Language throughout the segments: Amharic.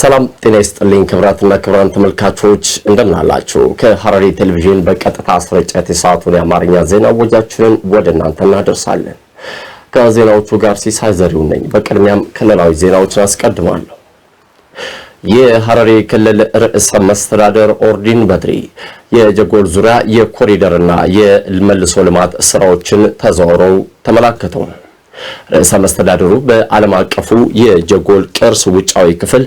ሰላም ጤና ይስጥልኝ ክብራትና ክብራን ተመልካቾች እንደምን አላችሁ? ከሐረሪ ቴሌቪዥን በቀጥታ ስርጭት የሰዓቱን የአማርኛ ዜና ወጃችንን ወደ እናንተ እናደርሳለን። ከዜናዎቹ ጋር ሲሳይ ዘሪው ነኝ። በቅድሚያም ክልላዊ ዜናዎችን አስቀድማለሁ። የሐረሪ ክልል ርዕሰ መስተዳደር ኦርዲን በድሪ የጀጎል ዙሪያ የኮሪደርና የመልሶ ልማት ስራዎችን ተዘዋውረው ተመላከተው። ርዕሰ መስተዳድሩ በዓለም አቀፉ የጀጎል ቅርስ ውጫዊ ክፍል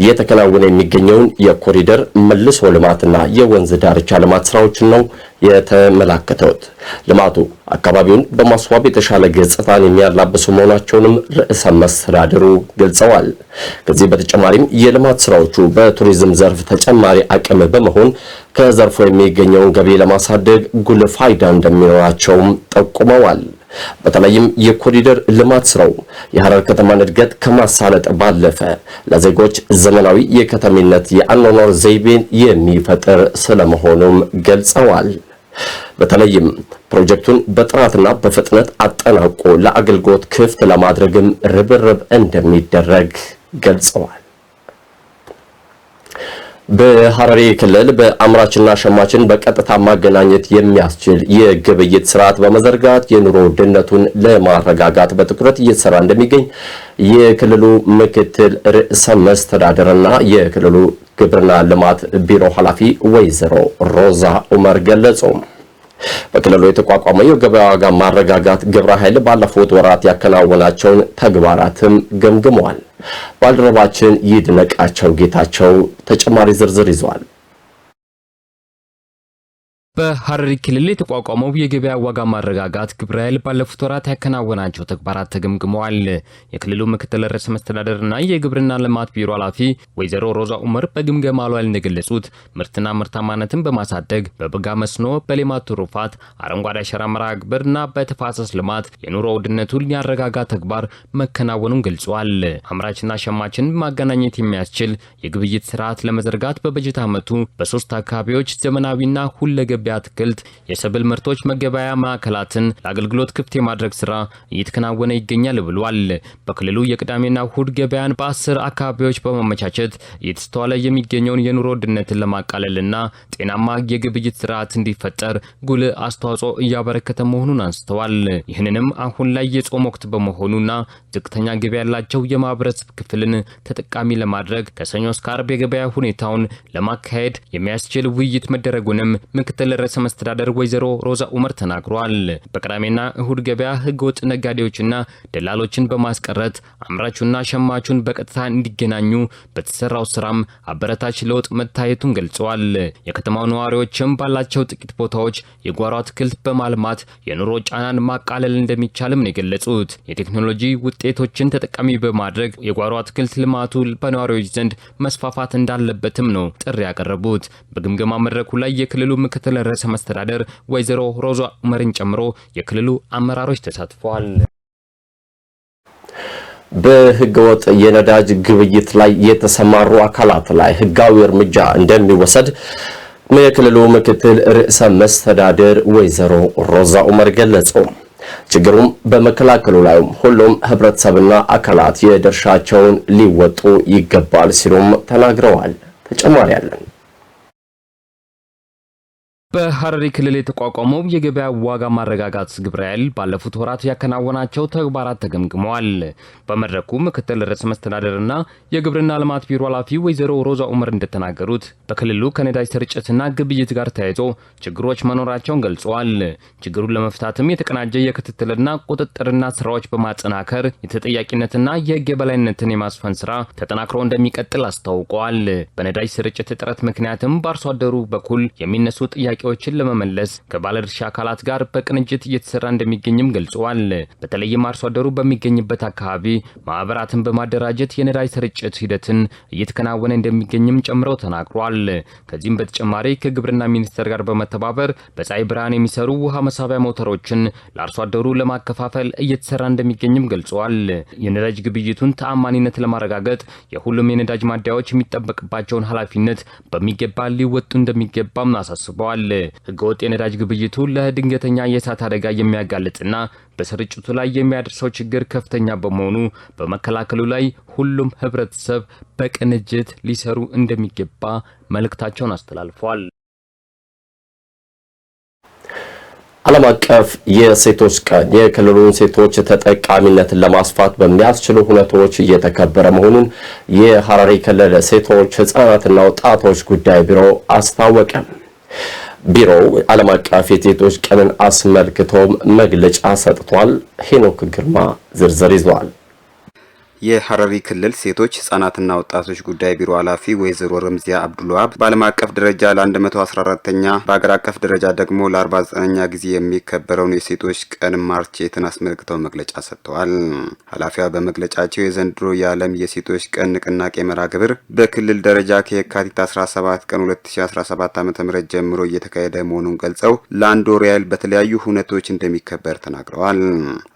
እየተከናወነ የሚገኘውን የኮሪደር መልሶ ልማትና የወንዝ ዳርቻ ልማት ስራዎችን ነው የተመላከተውት። ልማቱ አካባቢውን በማስዋብ የተሻለ ገጽታን የሚያላብሱ መሆናቸውንም ርዕሰ መስተዳድሩ ገልጸዋል። ከዚህ በተጨማሪም የልማት ስራዎቹ በቱሪዝም ዘርፍ ተጨማሪ አቅም በመሆን ከዘርፉ የሚገኘውን ገቢ ለማሳደግ ጉልህ ፋይዳ እንደሚኖራቸውም ጠቁመዋል። በተለይም የኮሪደር ልማት ስራው የሐረር ከተማን እድገት ከማሳለጥ ባለፈ ለዜጎች ዘመናዊ የከተሜነት የአኗኗር ዘይቤን የሚፈጥር ስለመሆኑም ገልጸዋል። በተለይም ፕሮጀክቱን በጥራትና በፍጥነት አጠናቆ ለአገልግሎት ክፍት ለማድረግም ርብርብ እንደሚደረግ ገልጸዋል። በሐረሪ ክልል በአምራችና ሸማችን በቀጥታ ማገናኘት የሚያስችል የግብይት ስርዓት በመዘርጋት የኑሮ ውድነቱን ለማረጋጋት በትኩረት እየተሰራ እንደሚገኝ የክልሉ ምክትል ርዕሰ መስተዳደርና የክልሉ ግብርና ልማት ቢሮ ኃላፊ ወይዘሮ ሮዛ ኡመር ገለጹ። በክልሉ የተቋቋመው የገበያ ዋጋ ማረጋጋት ግብረ ኃይል ባለፉት ወራት ያከናወናቸውን ተግባራትም ገምግመዋል። ባልደረባችን ይድነቃቸው ጌታቸው ተጨማሪ ዝርዝር ይዟል። በሐረሪ ክልል የተቋቋመው የገበያ ዋጋ ማረጋጋት ግብረ ኃይል ባለፉት ወራት ያከናወናቸው ተግባራት ተገምግመዋል። የክልሉ ምክትል ርዕሰ መስተዳደርና የግብርና ልማት ቢሮ ኃላፊ ወይዘሮ ሮዛ ኡመር በግምገማ ላይ እንደገለጹት ምርትና ምርታማነትን በማሳደግ በበጋ መስኖ፣ በሌማት ትሩፋት፣ አረንጓዴ አሻራ መርሃ ግብርና በተፋሰስ ልማት የኑሮ ውድነቱን ያረጋጋ ተግባር መከናወኑን ገልጿል። አምራችና ሸማችን ማገናኘት የሚያስችል የግብይት ስርዓት ለመዘርጋት በበጀት ዓመቱ በሶስት አካባቢዎች ዘመናዊና ሁለገብ አትክልት የሰብል ምርቶች መገበያ ማዕከላትን ለአገልግሎት ክፍት የማድረግ ስራ እየተከናወነ ይገኛል ብሏል። በክልሉ የቅዳሜና እሁድ ገበያን በአስር አካባቢዎች በማመቻቸት እየተስተዋለ የሚገኘውን የኑሮ ውድነትን ለማቃለልና ጤናማ የግብይት ስርዓት እንዲፈጠር ጉል አስተዋጽኦ እያበረከተ መሆኑን አንስተዋል። ይህንንም አሁን ላይ የጾም ወቅት በመሆኑና ዝቅተኛ ገቢ ያላቸው የማህበረሰብ ክፍልን ተጠቃሚ ለማድረግ ከሰኞ እስከ አርብ የገበያ ሁኔታውን ለማካሄድ የሚያስችል ውይይት መደረጉንም ምክትል ምክትል ርዕሰ መስተዳደር ወይዘሮ ሮዛ ኡመር ተናግሯል። በቅዳሜና እሁድ ገበያ ህገወጥ ነጋዴዎችና ደላሎችን በማስቀረት አምራቹና ሸማቹን በቀጥታ እንዲገናኙ በተሰራው ስራም አበረታች ለውጥ መታየቱን ገልጸዋል። የከተማው ነዋሪዎችም ባላቸው ጥቂት ቦታዎች የጓሮ አትክልት በማልማት የኑሮ ጫናን ማቃለል እንደሚቻልም ነው የገለጹት። የቴክኖሎጂ ውጤቶችን ተጠቃሚ በማድረግ የጓሮ አትክልት ልማቱ በነዋሪዎች ዘንድ መስፋፋት እንዳለበትም ነው ጥሪ ያቀረቡት። በግምገማ መድረኩ ላይ የክልሉ ምክትል ርዕሰ መስተዳደር ወይዘሮ ሮዛ ኡመርን ጨምሮ የክልሉ አመራሮች ተሳትፈዋል። በህገወጥ የነዳጅ ግብይት ላይ የተሰማሩ አካላት ላይ ህጋዊ እርምጃ እንደሚወሰድ የክልሉ ምክትል ርዕሰ መስተዳደር ወይዘሮ ሮዛ ኡመር ገለጹ። ችግሩም በመከላከሉ ላይም ሁሉም ህብረተሰብና አካላት የድርሻቸውን ሊወጡ ይገባል ሲሉም ተናግረዋል። ተጨማሪ አለን። በሐረሪ ክልል የተቋቋመው የገበያ ዋጋ ማረጋጋት ግብረ ኃይል ባለፉት ወራት ያከናወናቸው ተግባራት ተገምግመዋል። በመድረኩ ምክትል ርዕሰ መስተዳደርና የግብርና ልማት ቢሮ ኃላፊ ወይዘሮ ሮዛ ኡመር እንደተናገሩት በክልሉ ከነዳጅ ስርጭትና ግብይት ጋር ተያይዞ ችግሮች መኖራቸውን ገልጸዋል። ችግሩን ለመፍታትም የተቀናጀ የክትትልና ቁጥጥርና ስራዎች በማጠናከር የተጠያቂነትና የህግ የበላይነትን የማስፈን ስራ ተጠናክሮ እንደሚቀጥል አስታውቀዋል። በነዳጅ ስርጭት እጥረት ምክንያትም በአርሶ አደሩ በኩል የሚነሱ ጥያቄ ጥያቄዎችን ለመመለስ ከባለድርሻ አካላት ጋር በቅንጅት እየተሰራ እንደሚገኝም ገልጸዋል። በተለይም አርሶ አደሩ በሚገኝበት አካባቢ ማህበራትን በማደራጀት የነዳጅ ስርጭት ሂደትን እየተከናወነ እንደሚገኝም ጨምረው ተናግሯል። ከዚህም በተጨማሪ ከግብርና ሚኒስቴር ጋር በመተባበር በፀሐይ ብርሃን የሚሰሩ ውሃ መሳቢያ ሞተሮችን ለአርሶ አደሩ ለማከፋፈል እየተሰራ እንደሚገኝም ገልጸዋል። የነዳጅ ግብይቱን ተአማኒነት ለማረጋገጥ የሁሉም የነዳጅ ማደያዎች የሚጠበቅባቸውን ኃላፊነት በሚገባ ሊወጡ እንደሚገባም አሳስበዋል። ህገወጥ የነዳጅ ግብይቱ ለድንገተኛ የእሳት አደጋ የሚያጋልጥና በስርጭቱ ላይ የሚያደርሰው ችግር ከፍተኛ በመሆኑ በመከላከሉ ላይ ሁሉም ህብረተሰብ በቅንጅት ሊሰሩ እንደሚገባ መልእክታቸውን አስተላልፏል። ዓለም አቀፍ የሴቶች ቀን የክልሉን ሴቶች ተጠቃሚነትን ለማስፋት በሚያስችሉ ሁነቶች እየተከበረ መሆኑን የሐረሪ ክልል ሴቶች ህጻናትና ወጣቶች ጉዳይ ቢሮ አስታወቀ። ቢሮው ዓለም አቀፍ የሴቶች ቀንን አስመልክቶ መግለጫ ሰጥቷል። ሄኖክ ግርማ ዝርዝር ይዟል። የሐረሪ ክልል ሴቶች ህጻናትና ወጣቶች ጉዳይ ቢሮ ኃላፊ ወይዘሮ ረምዚያ አብዱልዋብ በዓለም አቀፍ ደረጃ ለ114ኛ በአገር አቀፍ ደረጃ ደግሞ ለ49ኛ ጊዜ የሚከበረውን የሴቶች ቀን ማርቼትን አስመልክተው መግለጫ ሰጥተዋል። ኃላፊዋ በመግለጫቸው የዘንድሮ የዓለም የሴቶች ቀን ንቅናቄ መርሃ ግብር በክልል ደረጃ ከየካቲት 17 ቀን 2017 ዓ ም ጀምሮ እየተካሄደ መሆኑን ገልጸው ለአንድ ወር ያህል በተለያዩ ሁነቶች እንደሚከበር ተናግረዋል።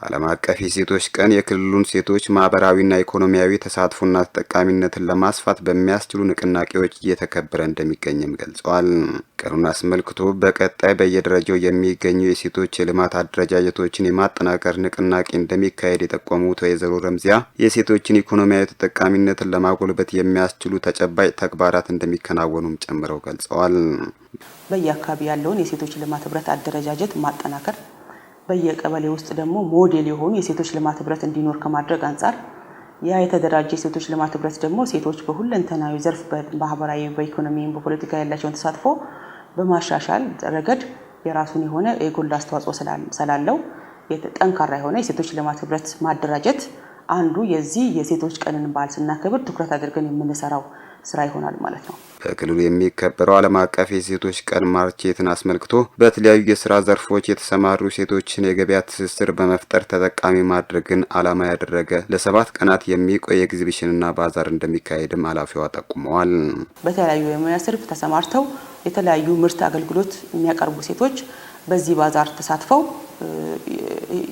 ዓለም አቀፍ የሴቶች ቀን የክልሉን ሴቶች ማህበራዊ ማህበራዊና ኢኮኖሚያዊ ተሳትፎና ተጠቃሚነትን ለማስፋት በሚያስችሉ ንቅናቄዎች እየተከበረ እንደሚገኝም ገልጸዋል። ቀኑን አስመልክቶ በቀጣይ በየደረጃው የሚገኙ የሴቶች የልማት አደረጃጀቶችን የማጠናከር ንቅናቄ እንደሚካሄድ የጠቆሙት ወይዘሮ ረምዚያ የሴቶችን ኢኮኖሚያዊ ተጠቃሚነትን ለማጎልበት የሚያስችሉ ተጨባጭ ተግባራት እንደሚከናወኑም ጨምረው ገልጸዋል። በየአካባቢ ያለውን የሴቶች ልማት ህብረት አደረጃጀት ማጠናከር በየቀበሌ ውስጥ ደግሞ ሞዴል የሆኑ የሴቶች ልማት ህብረት እንዲኖር ከማድረግ አንጻር ያ የተደራጀ ሴቶች ልማት ህብረት ደግሞ ሴቶች በሁለንተናዊ ዘርፍ በማህበራዊ፣ በኢኮኖሚ፣ በፖለቲካ ያላቸውን ተሳትፎ በማሻሻል ረገድ የራሱን የሆነ የጎላ አስተዋጽኦ ስላለው ጠንካራ የሆነ የሴቶች ልማት ህብረት ማደራጀት አንዱ የዚህ የሴቶች ቀንን በዓል ስናከብር ትኩረት አድርገን የምንሰራው ስራ ይሆናል ማለት ነው። በክልሉ የሚከበረው ዓለም አቀፍ የሴቶች ቀን ማርቼትን አስመልክቶ በተለያዩ የስራ ዘርፎች የተሰማሩ ሴቶችን የገበያ ትስስር በመፍጠር ተጠቃሚ ማድረግን ዓላማ ያደረገ ለሰባት ቀናት የሚቆይ ኤግዚቢሽንና ባዛር እንደሚካሄድም ኃላፊዋ ጠቁመዋል። በተለያዩ የሙያ ዘርፍ ተሰማርተው የተለያዩ ምርት አገልግሎት የሚያቀርቡ ሴቶች በዚህ ባዛር ተሳትፈው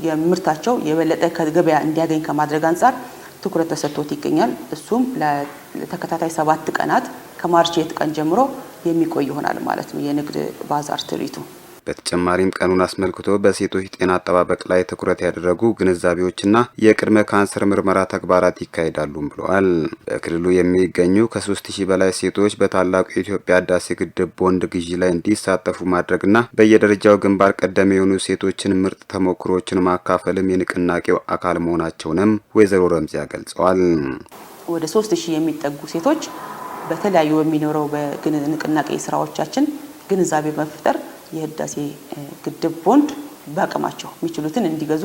የምርታቸው የበለጠ ከገበያ እንዲያገኝ ከማድረግ አንጻር ትኩረት ተሰጥቶት ይገኛል። እሱም ለተከታታይ ሰባት ቀናት ከማርች የት ቀን ጀምሮ የሚቆይ ይሆናል ማለት ነው የንግድ ባዛር ትርኢቱ። በተጨማሪም ቀኑን አስመልክቶ በሴቶች ጤና አጠባበቅ ላይ ትኩረት ያደረጉ ግንዛቤዎችና የቅድመ ካንሰር ምርመራ ተግባራት ይካሄዳሉም ብለዋል። በክልሉ የሚገኙ ከ3000 በላይ ሴቶች በታላቁ የኢትዮጵያ ህዳሴ ግድብ ቦንድ ግዢ ላይ እንዲሳተፉ ማድረግና በየደረጃው ግንባር ቀደም የሆኑ ሴቶችን ምርጥ ተሞክሮችን ማካፈልም የንቅናቄው አካል መሆናቸውንም ወይዘሮ ረምዚያ ገልጸዋል። ወደ 3000 የሚጠጉ ሴቶች በተለያዩ በሚኖረው በንቅናቄ ስራዎቻችን ግንዛቤ መፍጠር የህዳሴ ግድብ ቦንድ በአቅማቸው የሚችሉትን እንዲገዙ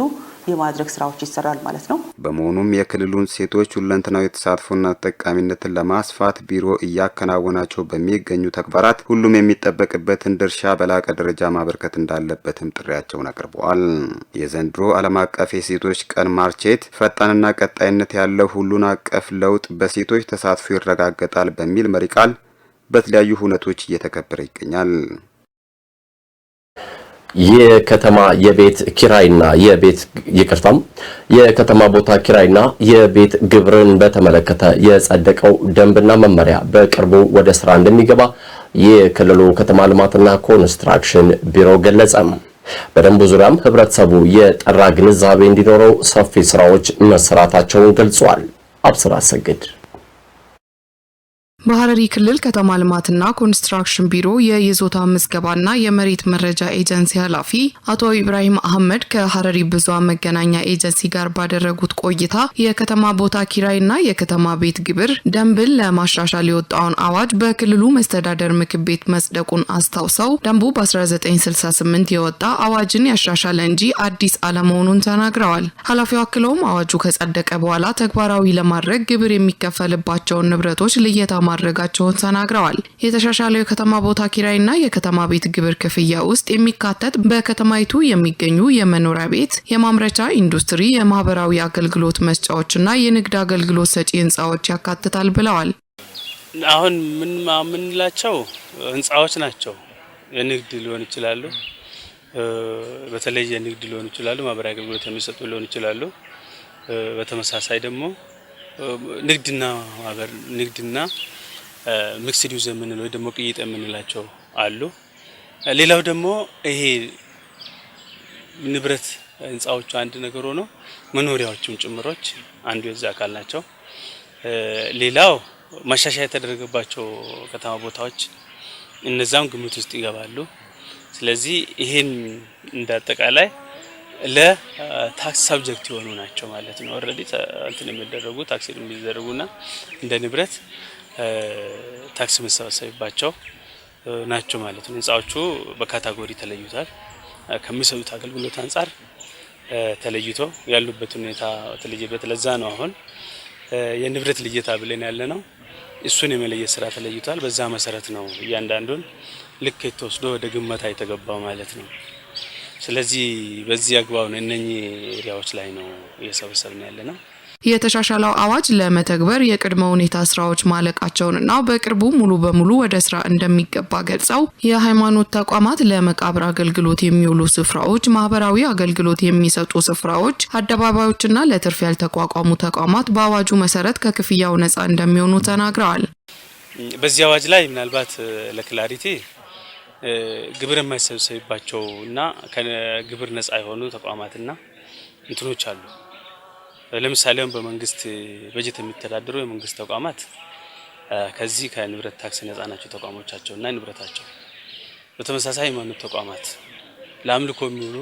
የማድረግ ስራዎች ይሰራል ማለት ነው። በመሆኑም የክልሉን ሴቶች ሁለንተናዊ የተሳትፎና ተጠቃሚነትን ለማስፋት ቢሮ እያከናወናቸው በሚገኙ ተግባራት ሁሉም የሚጠበቅበትን ድርሻ በላቀ ደረጃ ማበርከት እንዳለበትም ጥሪያቸውን አቅርበዋል። የዘንድሮ ዓለም አቀፍ የሴቶች ቀን ማርቼት ፈጣንና ቀጣይነት ያለው ሁሉን አቀፍ ለውጥ በሴቶች ተሳትፎ ይረጋገጣል በሚል መሪ ቃል በተለያዩ ሁነቶች እየተከበረ ይገኛል። የከተማ የቤት ኪራይና የቤት ይቅርታም የከተማ ቦታ ኪራይና የቤት ግብርን በተመለከተ የጸደቀው ደንብና መመሪያ በቅርቡ ወደ ስራ እንደሚገባ የክልሉ ከተማ ልማትና ኮንስትራክሽን ቢሮ ገለጸ። በደንቡ ዙሪያም ህብረተሰቡ የጠራ ግንዛቤ እንዲኖረው ሰፊ ስራዎች መሰራታቸውን ገልጿል። አብስራ ሰግድ በሐረሪ ክልል ከተማ ልማትና ኮንስትራክሽን ቢሮ የይዞታ ምዝገባና የመሬት መረጃ ኤጀንሲ ኃላፊ አቶ ኢብራሂም አህመድ ከሐረሪ ብዙሃን መገናኛ ኤጀንሲ ጋር ባደረጉት ቆይታ የከተማ ቦታ ኪራይና የከተማ ቤት ግብር ደንብን ለማሻሻል የወጣውን አዋጅ በክልሉ መስተዳደር ምክር ቤት መጽደቁን አስታውሰው ደንቡ በ1968 የወጣ አዋጅን ያሻሻለ እንጂ አዲስ አለመሆኑን ተናግረዋል። ኃላፊው አክለውም አዋጁ ከጸደቀ በኋላ ተግባራዊ ለማድረግ ግብር የሚከፈልባቸውን ንብረቶች ልየታ ማድረጋቸውን ተናግረዋል። የተሻሻለው የከተማ ቦታ ኪራይና የከተማ ቤት ግብር ክፍያ ውስጥ የሚካተት በከተማይቱ የሚገኙ የመኖሪያ ቤት፣ የማምረቻ ኢንዱስትሪ፣ የማህበራዊ አገልግሎት መስጫዎችና የንግድ አገልግሎት ሰጪ ህንፃዎች ያካትታል ብለዋል። አሁን ምን የምንላቸው ህንፃዎች ናቸው። የንግድ ሊሆን ይችላሉ። በተለይ የንግድ ሊሆን ይችላሉ። ማህበራዊ አገልግሎት የሚሰጡ ሊሆን ይችላሉ። በተመሳሳይ ደግሞ ንግድና ማህበር ንግድና ሚክስድ ዩዝ የምንለው ደግሞ ቅይጥ የምንላቸው አሉ። ሌላው ደግሞ ይሄ ንብረት ህንፃዎቹ አንድ ነገር ሆኖ መኖሪያዎችም ጭምሮች አንዱ የዚህ አካል ናቸው። ሌላው ማሻሻያ የተደረገባቸው ከተማ ቦታዎች እነዛም ግምት ውስጥ ይገባሉ። ስለዚህ ይሄን እንዳጠቃላይ ለታክስ ሰብጀክት የሆኑ ናቸው ማለት ነው። ኦልሬዲ እንትን የሚደረጉ ታክስ የሚደረጉና እንደ ንብረት ታክስ የምንሰበሰብባቸው ናቸው ማለት ነው። ህንፃዎቹ በካታጎሪ ተለይቷል። ከሚሰጡት አገልግሎት አንጻር ተለይቶ ያሉበት ሁኔታ ተለየበት። ለዛ ነው አሁን የንብረት ልየታ ብለን ያለ ነው። እሱን የመለየት ስራ ተለይቷል። በዛ መሰረት ነው እያንዳንዱን ልኬት ተወስዶ ወደ ግመታ የተገባው ማለት ነው። ስለዚህ በዚህ አግባብ ነው እነኚህ ኤሪያዎች ላይ ነው እየሰበሰብን ያለ ነው። የተሻሻለው አዋጅ ለመተግበር የቅድመ ሁኔታ ስራዎች ማለቃቸውንና በቅርቡ ሙሉ በሙሉ ወደ ስራ እንደሚገባ ገልጸው የሃይማኖት ተቋማት ለመቃብር አገልግሎት የሚውሉ ስፍራዎች፣ ማህበራዊ አገልግሎት የሚሰጡ ስፍራዎች፣ አደባባዮችና ለትርፍ ያልተቋቋሙ ተቋማት በአዋጁ መሰረት ከክፍያው ነጻ እንደሚሆኑ ተናግረዋል። በዚህ አዋጅ ላይ ምናልባት ለክላሪቲ ግብር የማይሰበሰብባቸው እና ከግብር ነጻ የሆኑ ተቋማትና እንትኖች አሉ ለምሳሌ በመንግስት በጀት የሚተዳደሩ የመንግስት ተቋማት ከዚህ ከንብረት ታክስ ነጻ ናቸው ተቋሞቻቸው እና ንብረታቸው። በተመሳሳይ ሃይማኖት ተቋማት ለአምልኮ የሚሆኑ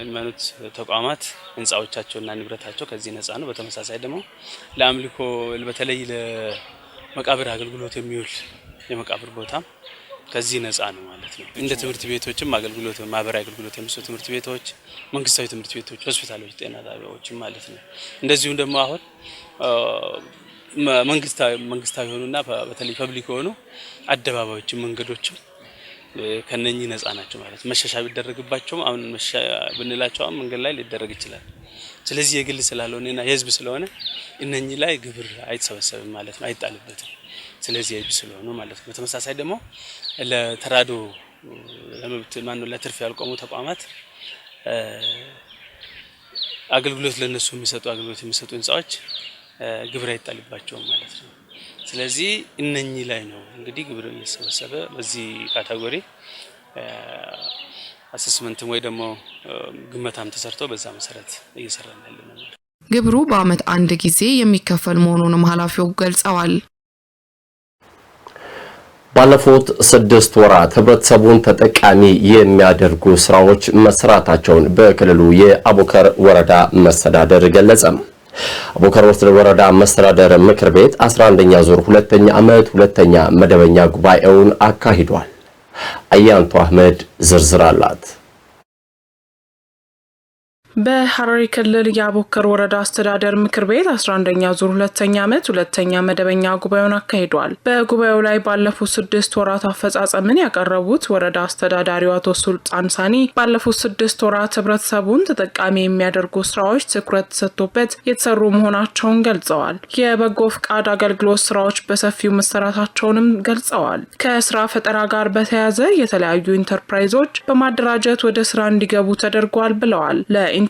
ሃይማኖት ተቋማት ህንፃዎቻቸው እና ንብረታቸው ከዚህ ነጻ ነው። በተመሳሳይ ደግሞ ለአምልኮ በተለይ ለመቃብር አገልግሎት የሚውል የመቃብር ቦታ ከዚህ ነፃ ነው ማለት ነው። እንደ ትምህርት ቤቶችም አገልግሎት ማህበራዊ አገልግሎት የሚሰጡ ትምህርት ቤቶች፣ መንግስታዊ ትምህርት ቤቶች፣ ሆስፒታሎች፣ ጤና ጣቢያዎችም ማለት ነው። እንደዚሁም ደግሞ አሁን መንግስታዊ መንግስታዊ የሆኑና በተለይ ፐብሊክ የሆኑ አደባባዮችም መንገዶችም ከነኚህ ነፃ ናቸው ማለት መሻሻ ቢደረግባቸውም አሁን መሻሻ ብንላቸው አሁን መንገድ ላይ ሊደረግ ይችላል። ስለዚህ የግል ስላልሆነና የህዝብ ስለሆነ እነኚህ ላይ ግብር አይተሰበሰብም ማለት ነው፣ አይጣልበትም። ስለዚህ የእጅ ስለሆኑ ማለት ነው። በተመሳሳይ ደግሞ ለተራዶ ለመብት ማነው ለትርፍ ያልቆሙ ተቋማት አገልግሎት ለነሱ የሚሰጡ አገልግሎት የሚሰጡ ህንፃዎች ግብር አይጣልባቸውም ማለት ነው። ስለዚህ እነኚህ ላይ ነው እንግዲህ ግብር እየሰበሰበ በዚህ ካተጎሪ አሰስመንትም ወይ ደግሞ ግመታም ተሰርቶ በዛ መሰረት እየሰራ ያለ ግብሩ በአመት አንድ ጊዜ የሚከፈል መሆኑንም ኃላፊው ገልጸዋል። ባለፉት ስድስት ወራት ህብረተሰቡን ተጠቃሚ የሚያደርጉ ስራዎች መሰራታቸውን በክልሉ የአቡከር ወረዳ መስተዳደር ገለጸ። አቡከር ወረዳ መስተዳደር ምክር ቤት 11ኛ ዙር ሁለተኛ ዓመት ሁለተኛ መደበኛ ጉባኤውን አካሂዷል። አያንቱ አህመድ ዝርዝር አላት። በሐረሪ ክልል የአቦከር ወረዳ አስተዳደር ምክር ቤት 11ኛ ዙር ሁለተኛ ዓመት ሁለተኛ መደበኛ ጉባኤውን አካሂዷል። በጉባኤው ላይ ባለፉት ስድስት ወራት አፈጻጸምን ያቀረቡት ወረዳ አስተዳዳሪው አቶ ሱልጣን ሳኒ ባለፉት ስድስት ወራት ህብረተሰቡን ተጠቃሚ የሚያደርጉ ስራዎች ትኩረት ተሰጥቶበት የተሰሩ መሆናቸውን ገልጸዋል። የበጎ ፍቃድ አገልግሎት ስራዎች በሰፊው መሰራታቸውንም ገልጸዋል። ከስራ ፈጠራ ጋር በተያያዘ የተለያዩ ኢንተርፕራይዞች በማደራጀት ወደ ስራ እንዲገቡ ተደርጓል ብለዋል።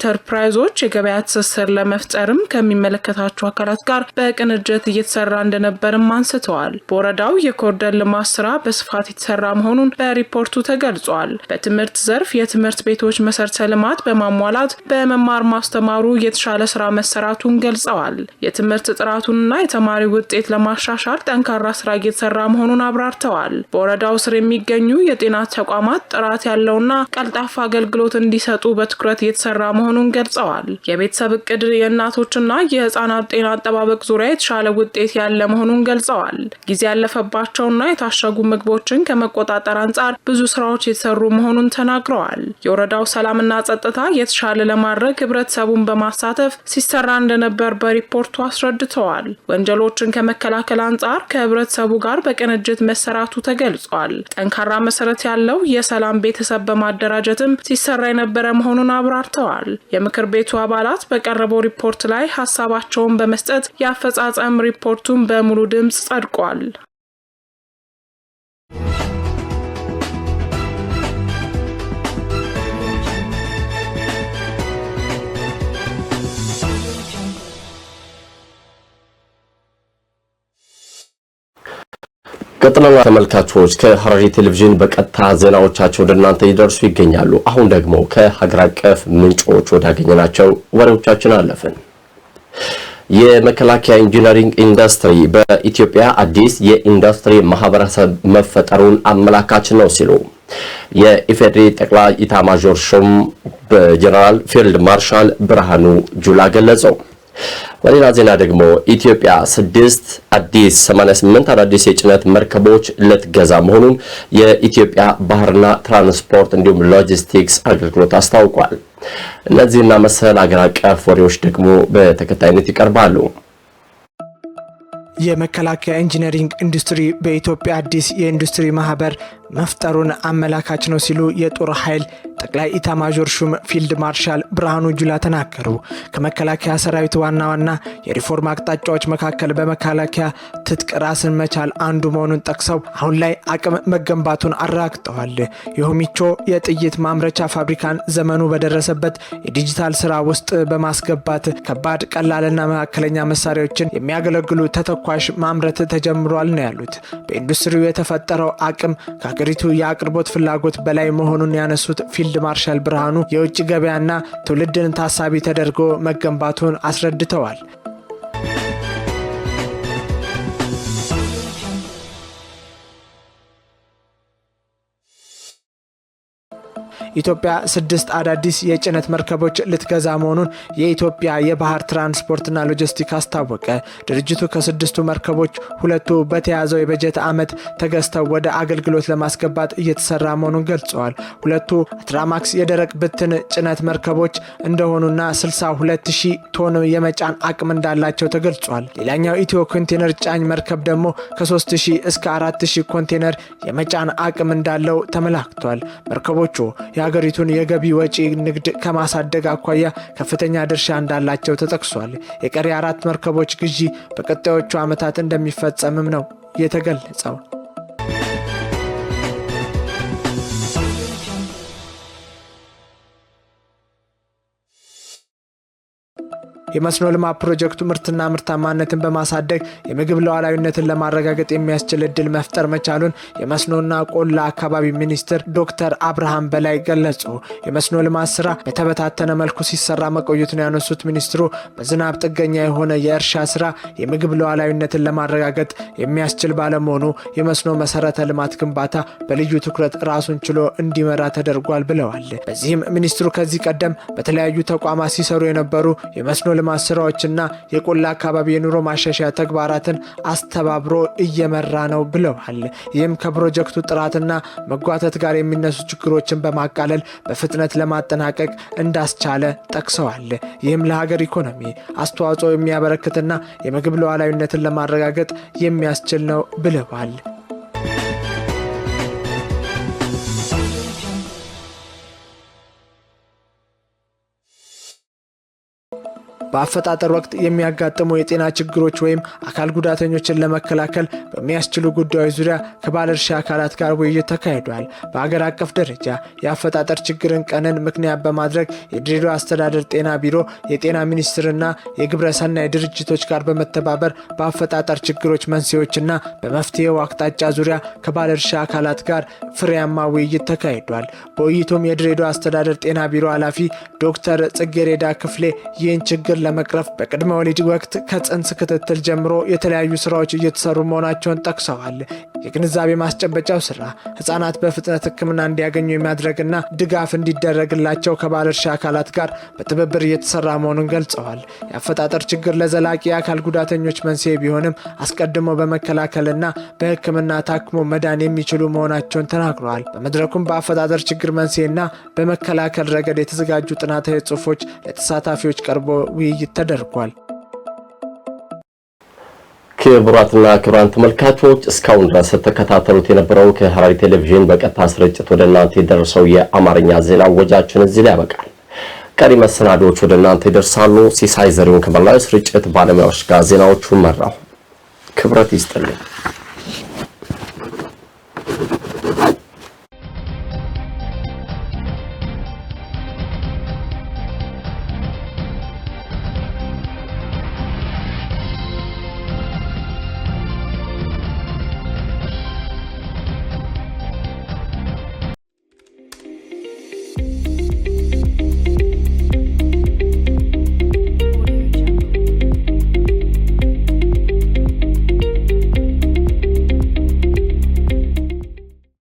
ኢንተርፕራይዞች የገበያ ትስስር ለመፍጠርም ከሚመለከታቸው አካላት ጋር በቅንጅት እየተሰራ እንደነበርም አንስተዋል። በወረዳው የኮሪደር ልማት ስራ በስፋት የተሰራ መሆኑን በሪፖርቱ ተገልጿል። በትምህርት ዘርፍ የትምህርት ቤቶች መሰረተ ልማት በማሟላት በመማር ማስተማሩ የተሻለ ስራ መሰራቱን ገልጸዋል። የትምህርት ጥራቱንና የተማሪ ውጤት ለማሻሻል ጠንካራ ስራ እየተሰራ መሆኑን አብራርተዋል። በወረዳው ስር የሚገኙ የጤና ተቋማት ጥራት ያለውና ቀልጣፋ አገልግሎት እንዲሰጡ በትኩረት እየተሰራ መሆኑን ገልጸዋል። የቤተሰብ እቅድ የእናቶችና የህፃናት ጤና አጠባበቅ ዙሪያ የተሻለ ውጤት ያለ መሆኑን ገልጸዋል። ጊዜ ያለፈባቸውና የታሸጉ ምግቦችን ከመቆጣጠር አንጻር ብዙ ስራዎች የተሰሩ መሆኑን ተናግረዋል። የወረዳው ሰላምና ጸጥታ የተሻለ ለማድረግ ህብረተሰቡን በማሳተፍ ሲሰራ እንደነበር በሪፖርቱ አስረድተዋል። ወንጀሎችን ከመከላከል አንጻር ከህብረተሰቡ ጋር በቅንጅት መሰራቱ ተገልጿል። ጠንካራ መሰረት ያለው የሰላም ቤተሰብ በማደራጀትም ሲሰራ የነበረ መሆኑን አብራርተዋል። ተናግረዋል። የምክር ቤቱ አባላት በቀረበው ሪፖርት ላይ ሀሳባቸውን በመስጠት የአፈጻጸም ሪፖርቱን በሙሉ ድምፅ ጸድቋል። ቀጥለና ተመልካቾች ከሐረሪ ቴሌቪዥን በቀጥታ ዜናዎቻቸው ወደ እናንተ ይደርሱ ይገኛሉ። አሁን ደግሞ ከሀገር አቀፍ ምንጮች ወዳገኘናቸው ወሬዎቻችን አለፍን። የመከላከያ ኢንጂነሪንግ ኢንዱስትሪ በኢትዮጵያ አዲስ የኢንዱስትሪ ማህበረሰብ መፈጠሩን አመላካች ነው ሲሉ የኢፌዴሪ ጠቅላይ ኢታማዦር ሹም በጀነራል ፊልድ ማርሻል ብርሃኑ ጁላ ገለጸው። በሌላ ዜና ደግሞ ኢትዮጵያ ስድስት አዲስ 88 አዳዲስ የጭነት መርከቦች ልትገዛ መሆኑን የኢትዮጵያ ባህርና ትራንስፖርት እንዲሁም ሎጂስቲክስ አገልግሎት አስታውቋል። እነዚህና መሰል አገር አቀፍ ወሬዎች ደግሞ በተከታይነት ይቀርባሉ። የመከላከያ ኢንጂነሪንግ ኢንዱስትሪ በኢትዮጵያ አዲስ የኢንዱስትሪ ማህበር መፍጠሩን አመላካች ነው ሲሉ የጦር ኃይል ጠቅላይ ኢታማዦር ሹም ፊልድ ማርሻል ብርሃኑ ጁላ ተናገሩ። ከመከላከያ ሰራዊት ዋና ዋና የሪፎርም አቅጣጫዎች መካከል በመከላከያ ትጥቅ ራስን መቻል አንዱ መሆኑን ጠቅሰው አሁን ላይ አቅም መገንባቱን አረጋግጠዋል። የሆሚቾ የጥይት ማምረቻ ፋብሪካን ዘመኑ በደረሰበት የዲጂታል ስራ ውስጥ በማስገባት ከባድ ቀላልና መካከለኛ መሳሪያዎችን የሚያገለግሉ ተተኳሽ ማምረት ተጀምሯል ነው ያሉት። በኢንዱስትሪው የተፈጠረው አቅም ከሀገሪቱ የአቅርቦት ፍላጎት በላይ መሆኑን ያነሱት ፊልድ ማርሻል ብርሃኑ የውጭ ገበያና ትውልድን ታሳቢ ተደርጎ መገንባቱን አስረድተዋል። ኢትዮጵያ ስድስት አዳዲስ የጭነት መርከቦች ልትገዛ መሆኑን የኢትዮጵያ የባህር ትራንስፖርትና ሎጂስቲክ አስታወቀ። ድርጅቱ ከስድስቱ መርከቦች ሁለቱ በተያዘው የበጀት ዓመት ተገዝተው ወደ አገልግሎት ለማስገባት እየተሰራ መሆኑን ገልጸዋል። ሁለቱ ትራማክስ የደረቅ ብትን ጭነት መርከቦች እንደሆኑና 62000 ሺህ ቶን የመጫን አቅም እንዳላቸው ተገልጿል። ሌላኛው ኢትዮ ኮንቴነር ጫኝ መርከብ ደግሞ ከ3000 እስከ 4000 ኮንቴነር የመጫን አቅም እንዳለው ተመላክቷል። መርከቦቹ የሀገሪቱን የገቢ ወጪ ንግድ ከማሳደግ አኳያ ከፍተኛ ድርሻ እንዳላቸው ተጠቅሷል። የቀሪ አራት መርከቦች ግዢ በቀጣዮቹ ዓመታት እንደሚፈጸምም ነው የተገለጸው። የመስኖ ልማት ፕሮጀክቱ ምርትና ምርታማነትን በማሳደግ የምግብ ሉዓላዊነትን ለማረጋገጥ የሚያስችል እድል መፍጠር መቻሉን የመስኖና ቆላ አካባቢ ሚኒስትር ዶክተር አብርሃም በላይ ገለጹ። የመስኖ ልማት ስራ በተበታተነ መልኩ ሲሰራ መቆየቱን ያነሱት ሚኒስትሩ በዝናብ ጥገኛ የሆነ የእርሻ ስራ የምግብ ሉዓላዊነትን ለማረጋገጥ የሚያስችል ባለመሆኑ የመስኖ መሰረተ ልማት ግንባታ በልዩ ትኩረት ራሱን ችሎ እንዲመራ ተደርጓል ብለዋል። በዚህም ሚኒስትሩ ከዚህ ቀደም በተለያዩ ተቋማት ሲሰሩ የነበሩ የመስኖ የልማት ስራዎችና የቆላ አካባቢ የኑሮ ማሻሻያ ተግባራትን አስተባብሮ እየመራ ነው ብለዋል። ይህም ከፕሮጀክቱ ጥራትና መጓተት ጋር የሚነሱ ችግሮችን በማቃለል በፍጥነት ለማጠናቀቅ እንዳስቻለ ጠቅሰዋል። ይህም ለሀገር ኢኮኖሚ አስተዋጽኦ የሚያበረክትና የምግብ ሉዓላዊነትን ለማረጋገጥ የሚያስችል ነው ብለዋል። በአፈጣጠር ወቅት የሚያጋጥሙ የጤና ችግሮች ወይም አካል ጉዳተኞችን ለመከላከል በሚያስችሉ ጉዳዮች ዙሪያ ከባለድርሻ አካላት ጋር ውይይት ተካሂዷል። በአገር አቀፍ ደረጃ የአፈጣጠር ችግርን ቀንን ምክንያት በማድረግ የድሬዳዋ አስተዳደር ጤና ቢሮ፣ የጤና ሚኒስቴርና የግብረ ሰናይ ድርጅቶች ጋር በመተባበር በአፈጣጠር ችግሮች መንስኤዎችና በመፍትሄው አቅጣጫ ዙሪያ ከባለድርሻ አካላት ጋር ፍሬያማ ውይይት ተካሂዷል። በውይይቱም የድሬዳዋ አስተዳደር ጤና ቢሮ ኃላፊ ዶክተር ጽጌሬዳ ክፍሌ ይህን ችግር ችግርን ለመቅረፍ በቅድመ ወሊድ ወቅት ከጽንስ ክትትል ጀምሮ የተለያዩ ስራዎች እየተሰሩ መሆናቸውን ጠቅሰዋል። የግንዛቤ ማስጨበጫው ስራ ህጻናት በፍጥነት ሕክምና እንዲያገኙ የሚያድረግና ድጋፍ እንዲደረግላቸው ከባለድርሻ አካላት ጋር በትብብር እየተሰራ መሆኑን ገልጸዋል። የአፈጣጠር ችግር ለዘላቂ የአካል ጉዳተኞች መንስኤ ቢሆንም አስቀድሞ በመከላከልና በሕክምና ታክሞ መዳን የሚችሉ መሆናቸውን ተናግረዋል። በመድረኩም በአፈጣጠር ችግር መንስኤና በመከላከል ረገድ የተዘጋጁ ጥናታዊ ጽሁፎች ለተሳታፊዎች ቀርቦ ውይይት ተደርጓል። ክቡራትና ክቡራን ተመልካቾች እስካሁን ድረስ ተከታተሉት የነበረው ከሐረሪ ቴሌቪዥን በቀጥታ ስርጭት ወደ እናንተ የደረሰው የአማርኛ ዜና ወጃችን እዚህ ላይ ያበቃል። ቀሪ መሰናዶዎች ወደ እናንተ ይደርሳሉ። ሲሳይ ዘሪሁን ከመላው ስርጭት ባለሙያዎች ጋር ዜናዎቹን መራሁ። ክብረት ይስጥልኝ።